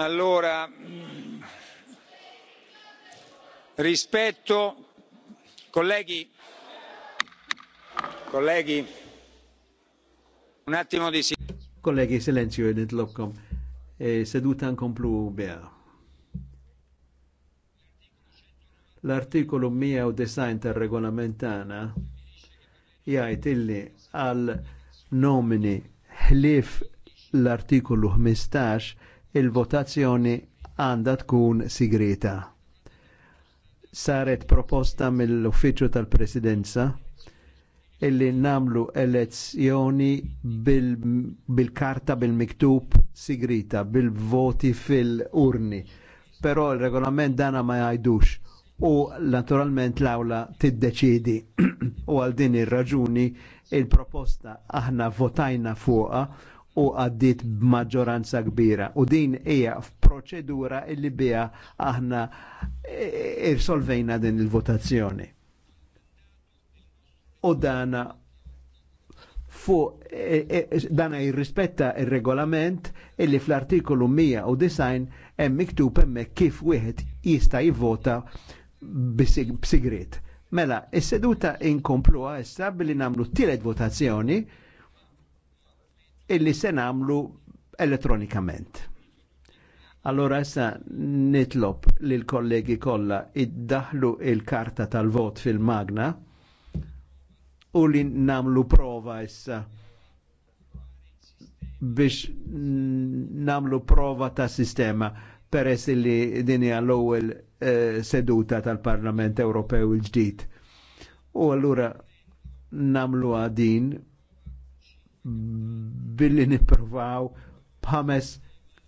Allora, mm, rispetto, colleghi, colleghi, un attimo di silenzio. Colleghi, silenzio, nitlobkom. E seduta anche nkomplu beha. L-artikolu 190 del regolamentana jgħid illi għal nomini ħlief l-artikolu 15 il-votazzjoni għandha tkun sigrita. Saret proposta mill-Uffiċċju tal-Presidenza illi namlu elezzjoni bil-karta bil bil-miktub sigrita, bil-voti fil-urni. Però il-regolament dana ma jgħidux u naturalment l-awla tiddeċidi u għal din ir-raġuni il-proposta aħna votajna fuqa u għaddit b'maġġoranza kbira. U din hija f'proċedura illi biha aħna e, e, irsolvejna din il-votazzjoni. U dana fu e, dana jirrispetta il-regolament illi fl-artikolu 109 hemm miktub hemmhekk kif wieħed jista' jivvota b'sigriet. Mela, is-seduta inkompluha issa billi nagħmlu tielet votazzjoni illi se nagħmlu elettronikament. Allora issa nitlob lil kollegi kollha iddaħlu il-karta tal-vot fil-magna u li namlu prova issa biex namlu prova ta' sistema peress li dini l-ewwel eh, seduta tal-Parlament Ewropew il-ġdid. U allura namlu għadin billi nipprovaw bħames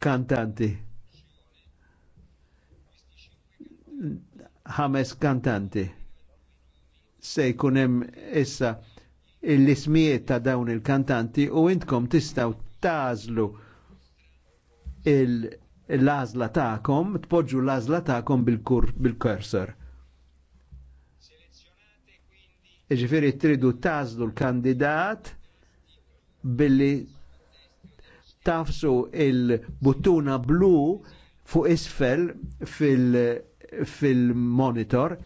kantanti. Ħames kantanti. Se jkunem issa l-ismijiet ta' dawn il-kantanti u intkom tistaw tażlu l-azla ta'kom, tpoġġu l-azla ta'kom bil-kursor. Bil Ġifiri tridu tażlu l-kandidat billi tafsu il-buttuna blu fuq isfel fil-monitor. Fil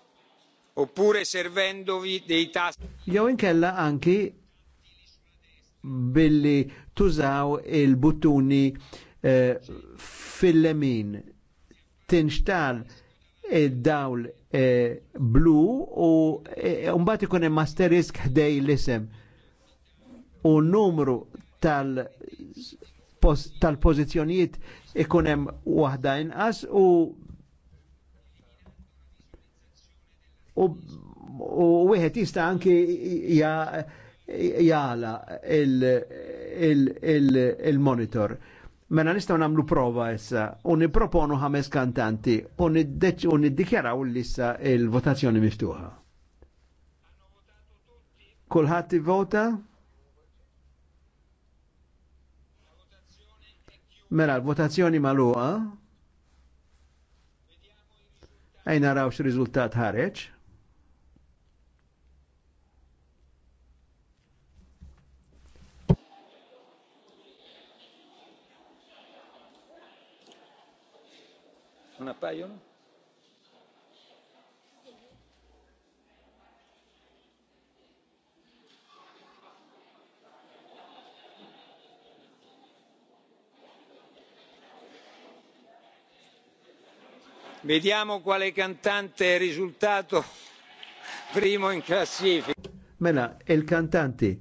Oppure servendovi dei tasti. Jew inkella anki billi tużaw il-buttuni eh, fil-lemin. Tinxtal id-dawl eh, blu u eh, mbagħad ikun hemm asterisk ħdej l-isem u numru tal tal-pozizjonijiet ikun hemm waħda inqas u u u wieħed jista' anki jala il-monitor. Mena nistgħu nagħmlu prova issa u nipproponu ħames kantanti u niddikjaraw l-issa il-votazzjoni miftuħa. Kulħadd ivvota? vota Mela l-votazzjoni maluqa. Ejna raw x-rizultat ħareċ. Una appaiono? Vediamo quale cantante è risultato primo in classifica. Mela, il cantante.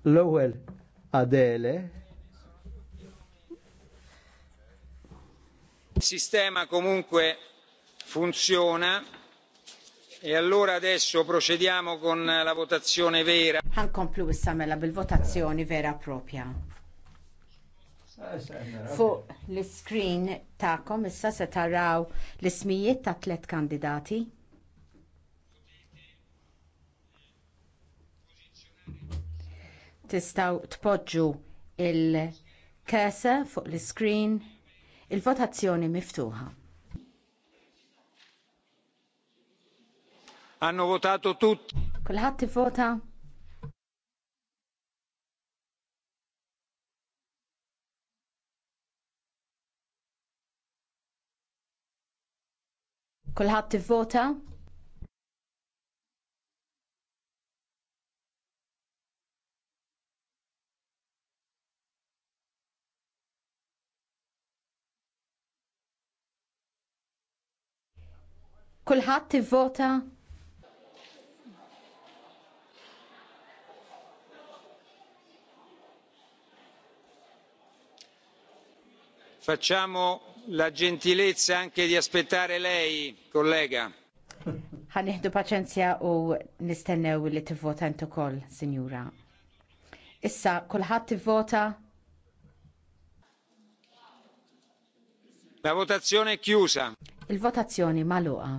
l Adele. Il sistema comunque funziona e allora adesso procediamo con la votazione vera. Ħankomplu issa mela bil-votazzjoni vera propja. Fuq l-screen tagħkom issa se taraw l-ismijiet ta' tliet kandidati. Tistgħu tpoġġu l kesa fuq l-screen il-votazzjoni miftuħa. Hanno votato tutti. Kulħadd vota Kulħadd tivvota? Kulħadd tivvota? Facciamo la gentilezza anche di aspettare lei, collega. Ħanieħdu paċenzja u nistennew li tivvota int ukoll, signora. Issa kulħadd tivvota? La votazione è chiusa. Il votazzjoni magħluqa.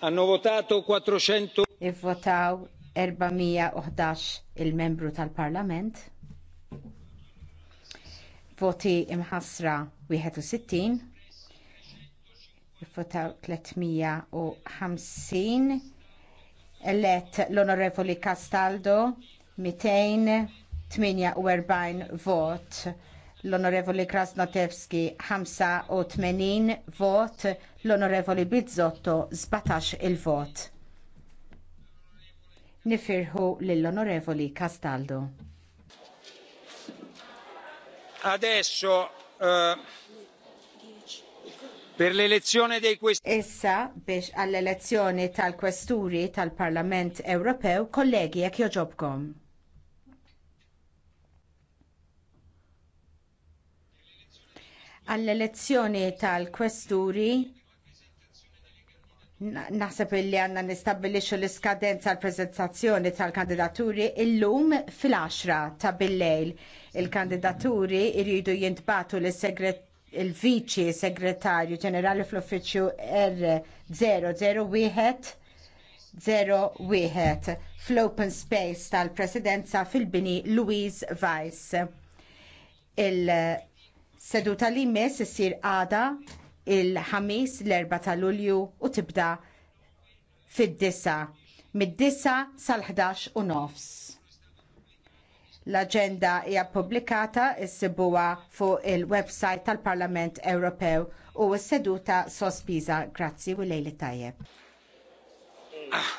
Hanno votato 400. Ivvotaw 411 il-membru tal-Parlament. Voti imħasra 61. Ivvotaw 350. Elett l-Onorevoli Castaldo 248 vot l-Onorevoli Krasnotevski 85 vot, l-Onorevoli Bizzotto 17 il-vot. Nifirħu lill-Onorevoli Castaldo. Adesso uh, per l'elezione dei questi. Issa biex għall-elezzjoni tal-kwesturi tal-Parlament Ewropew, kollegi jekk joġobkom. Għall-elezzjoni tal-kwesturi Naħseb illi għanna nistabilixu l-iskadenza l-prezentazzjoni tal-kandidaturi illum fil-10 ta' bil-lejl. Il-kandidaturi iridu jintbatu l il-viċi segretarju ġenerali fl-uffiċju R001 01 fl-open space tal-presidenza fil-bini Louise Weiss. Il-seduta li mis issir għada il-ħamis l-4 ta' Lulju u tibda fid-disa mid-disa sal-11 u nofs. L-aġenda hija ppubblikata ssibuha fuq il-website tal-Parlament Ewropew u s-seduta sospiża. Grazzi u lejli tajjeb. Ah.